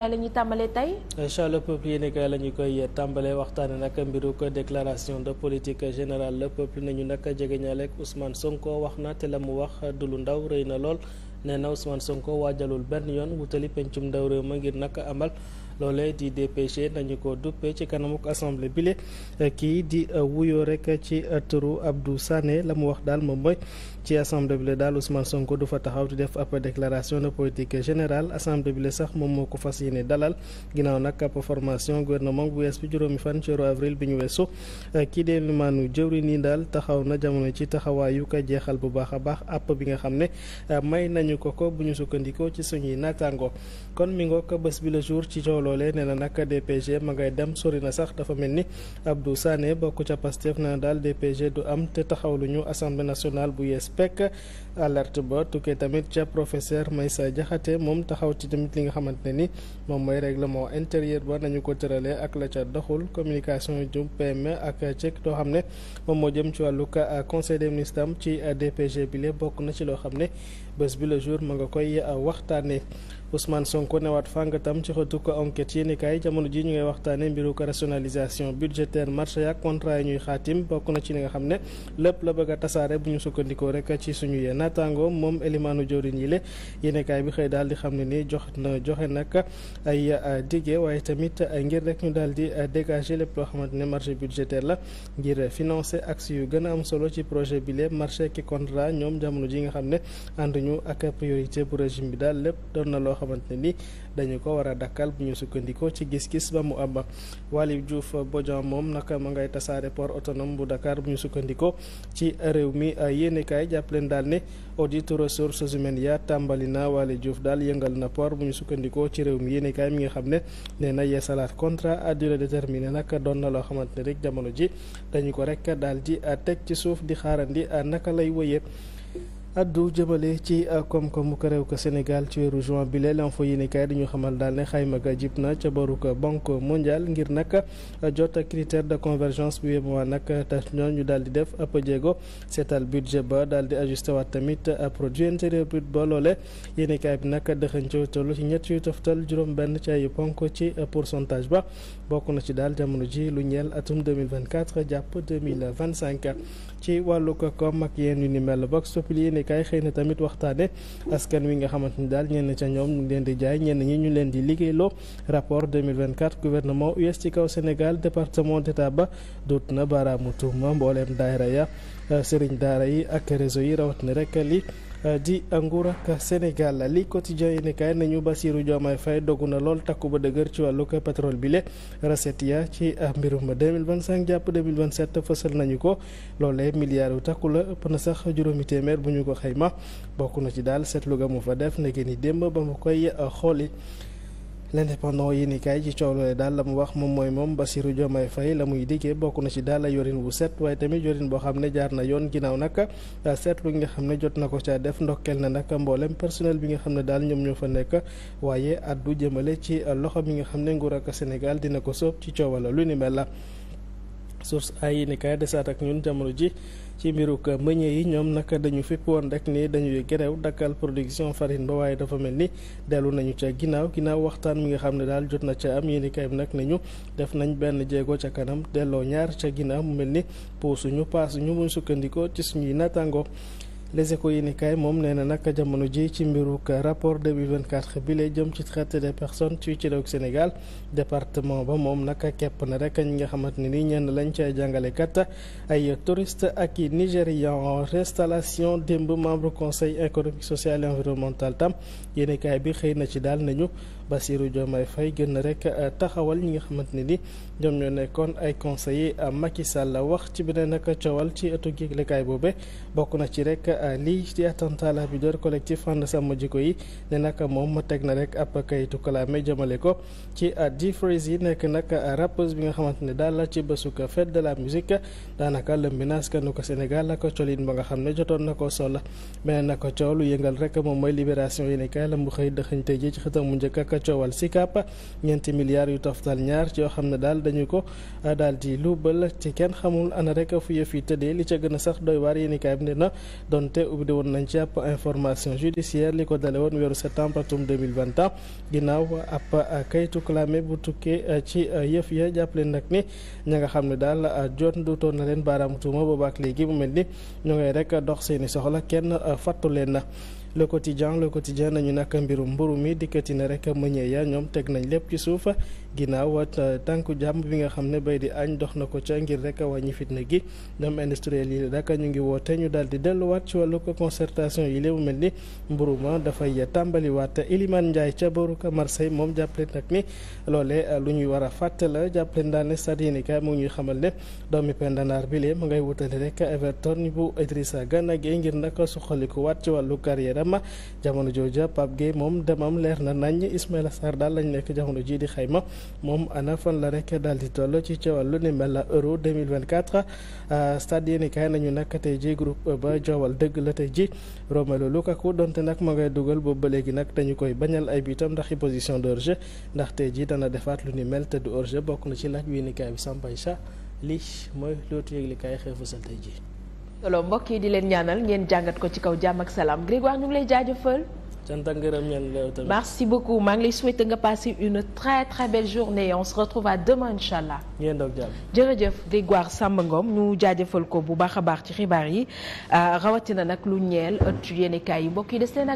la ñuy tàmbalee tey incha le peuple yéenekaay la ñu koy tàmbalee waxtaane nag mbiru ko déclaration de politique générale le peuple nañu nag jegeñaaleeg Ousmane Sonko wax na te la mu wax du lu ndaw rëy na lool nee na Ousmane Sonko waajalul benn yoon wutali pencum ndaw réew ma ngir nag amal loolee di DPG nañu ko duppe ci kanamuk assemblée bile eh, kii di eh, wuyoo rek ci eh, turu Abdou sànnee la mu wax daal moom mooy ci assemblée bile daal Ousmane Sonko du fa taxaw di def ab déclaration de politique générale assemblée bile sax moom moo ko fas yéene dalal ginnaaw nag ab formation gouvernement bu wees bi juróomi fan ci avril bi ñu weesu kii dee limaanu jëwri nii daal taxaw na jamono ci taxawaayu ko jeexal bu baax a baax app bi nga xam ne may nañu ko ko bu ñu sukkandikoo ci suñuy naataango loolee nee na nag DPG ma ngay dem sori na sax dafa mel ni Abdou Sané bokk ca Pastef na daal DPG du am te taxawlu ñu assemblée nationale bu yees pekk alerte ba tukkee tamit ca professeur Maysa Jaxate moom taxaw ci tamit li nga xamante ni moom mooy règlement intérieur ba nañu ko tëralee ak la ca doxul communication jub PME ak cek doo xam ne moom moo jëm ci wàllu ka conseil des ministres am ci DPG bi le bokk na ci loo xam ne bés bi le jour ma nga koy waxtaanee Ousmane Sonko newaat fàng tam ci ko ko enquête yéeni kaay jamono ji ñu ngay waxtaane mbiru ko rationalisation budgétaire marché ya contrat yi ñuy xaatim bokk na ci li nga xam ne lépp la bëgg tasaare bu ñu sukkandikoo rek ci suñu yee naataango moom élimaanu jawriñ yi le yéeni bi xëy daal di xam ne nii jox na joxe nag ay dige waaye tamit ngir rek ñu daal di dégager lépp loo xamante ne marché budgétaire la ngir financer axe yu gën a am solo ci projet bi le marché ki contrat ñoom jamono ji nga xam ne ànduñu ak priorité bu bi daal lépp doon na loo loo xamante ni dañu ko war a dakkal bu ñu sukkandikoo ci gis-gis ba mu am Walib Diouf Bodian moom naka ma ngay tasaare port autonome bu Dakar bu ñu sukkandikoo ci réew mi yéenekaay jàpp leen daal ne audit ressources humaines ya tàmbali na Walib Diouf daal yëngal na port bu ñu sukkandikoo ci réew mi yéenekaay mi nga xam ne nee na yeesalaat contrat à de déterminée nag doon na loo xamante ne rek jamono ji dañu ko rek daal di teg ci suuf di xaarandi naka lay wëyee addu jëmale ci euh, koom-koomu réew ko Sénégal ci weeru juin bi leen info yi ni kay dañu xamal daal ne xaymaka ga jib na ca baruk banque mondiale ngir nag euh, jot critère de convergence bu yema nag tax ñoo ñu daal di def ab jéego seetal budget ba daal di ajusté waat tamit euh, produit intérieur brut ba loole yéeni kaay bi nag dëxañco tollu ci ñett yu juróom benn ci ay ponk ci pourcentage ba bokk na ci daal jamono ji lu ñeel atum 2024 jàpp 2025 ci wàllu ko koom ak yéen yu ni mel vox populi kaay xëy na tamit waxtaane askan wi nga xamante ni daal ñenn ca ñoom ñu leen di jaay ñenn ñi ñu leen di liggéeyloo rapport 2024 gouvernement US ci kaw Sénégal département d'état ba dut na baaraamu tuuma mbooleem daayira ya euh, sëriñ daara yi ak réseau yi rawat na rek li Euh, di nguur ak Sénégal li quotidien yi nekkaay nañu Bassirou Diomaye Faye dogu na lool takku ba dëgër ci wàllu ko pétrole bi le recette ya ci ah, mbirum 2025 jàpp 2027 fësal nañu ko loolee milliards yu takku la ëpp na sax juróomi téeméer bu ñu ko xayma bokk na ci daal seetlu ga mu fa def na ni démb ba mu koy ah, xooli l'indépendant yi ni kaay ci coow daal la mu wax moom mooy moom Bassirou Diomaye Faye la muy diggee bokk na ci daal la yorin wu set waaye tamit yorin boo xam ne jaar na yoon ginnaaw nag seetlu nga xam ne jot na ko caa def ndokkeel na nag mboolem personnel bi nga xam ne daal ñoom ñoo fa nekk waaye addu jëmale ci loxo bi ngi xam ne nguur ak Sénégal dina ko soob ci coowala lu ni mel la source ay yéeni kaay desaat ak ñun jamono ji ci mbiruk mëñee yi ñoom naka dañu fipp woon rek nii dañuy gerew dakkal production farine ba waaye dafa mel ni dellu nañu ca ginnaaw ginnaaw waxtaan mi nga xam ne daal jot na ca am yéeni kaay bi nag nañu def nañ benn jéego ca kanam delloo ñaar ca ginnaaw mu mel ni puusuñu paasuñu muñ sukkandikoo ci suñuy naataangoo Les Échos yéenekaay moom nee na nag jamono ji ci mbiruk rapport 2024 bi lay jëm ci traite des personnes ci ci réew Sénégal département ba moom nag kepp na rek ñi nga xamante ne ni ñenn lañ ci ay jàngalekat ay touristes ak i nigérian restallation démb membre conseil économique social et environnemental tam yéenekaay bi xëy na ci daal nañu Bassirou Diomaye Faye gën na rek taxawal ñi nga xamante ne ni ñoom ñoo nekkoon ay conseillers Macky Sall wax ci beneen nag coowal ci ëttu yëglekaay boobe lii di attentat la bi door collectif ànd sàmm jikko yi ne nag moom teg na rek ab kayitu kalaame jëmale ko ci di phrase yi nekk nag rappeuse bi nga xamante ne daal la ci bésuk fête de la musique daanaka lëmbi na askanu ko Sénégal la ko colin ba nga xam ne jotoon na koo beneen na coow lu yëngal rek moom mooy libération yi ne la mu xëy dëxëñ tey ji ci xëtam mu njëkk ak coowal Sicap ñeenti milliards yu toftal ñaar yoo xam ne a santé ubbi woon nañ ci ab information judiciaire li ko dale woon weeru septembre atum 2021 ginnaaw a kayitu clamé bu tukkee eh, ci eh, yëf ya jàppale nag ni ña nga xam ne daal eh, jot dutoon na leen baaraamu tuuma boobaak léegi mu mel ni ñu ngay rek dox seeni soxla kenn fattu leen na le quotidien le quotidien nañu nag mbirum mburu mi dikkati na rek mëñee ya ñoom teg nañ lépp ci suufa ginnaaw euh, tànku jàmm bi nga xam ne bay di añ dox na ko ca ngir rek wàññi fitna gi ñoom industriel yi rek ñu ngi woote ñu daal di delluwaat ci wàllu concertation yi léewu mel ni mburu ma dafay tàmbaliwaat Elimane Ndiaye ca boruka Marseille moom jàppale nag ni loole euh, lu ñuy war a fàtte la jàppale daal ne stade mu ñuy xamal ne doomi pendanaar bi lee ma ngay wutale rek Everton bu Idrissa Gana Gueye ngir nag suqalikuwaat ci wàllu carrière ma jamono jooja Pape Gueye moom demam leer na nañ Ismaïla Sarr daal lañ nekk jamono jii di xayma moom ana fan la rek daal di toll ci ca wàllu ni mel euro 2024 ah, stade yéen kaay nañu nag tey ji groupe ba joowal dëgg la tey ji Romelu Lukaku donte nag ma ngay dugal boobu ba léegi nag dañu koy bañal ay biitam ndax position de hors-jeu ndax tey dana defaat lu ni mel te du hors bokk na ci laaj yéen kaay bi Samba Issa lii mooy lootu yëglikaay xeefu sal tey ji solo mbokk yi di leen ñaanal ngeen jàngat ko ci kaw jàmm ak salaam Grégoire ñu ngi lay jaajëfal. sant ak ngërëm ñaan la tamit. merci beaucoup maa ngi lay souhaiter nga passer une très très belle journée on se retrouve à demain incha allah. ngeen doog jàmm jërëjëf Grégoire Samba Ngom ñu jaajëfal ko bu baax a baax ci xibaar yi euh, rawatina nag lu ñeel ëttu yéenekaay yi mbokk yi des leen